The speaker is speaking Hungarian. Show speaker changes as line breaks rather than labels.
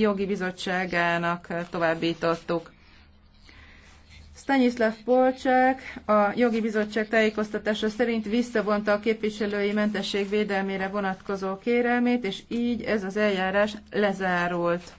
jogi bizottságának továbbítottuk. Stanislav Polcsák a jogi bizottság tájékoztatása szerint visszavonta a képviselői mentesség védelmére vonatkozó kérelmét, és így ez az eljárás lezárult.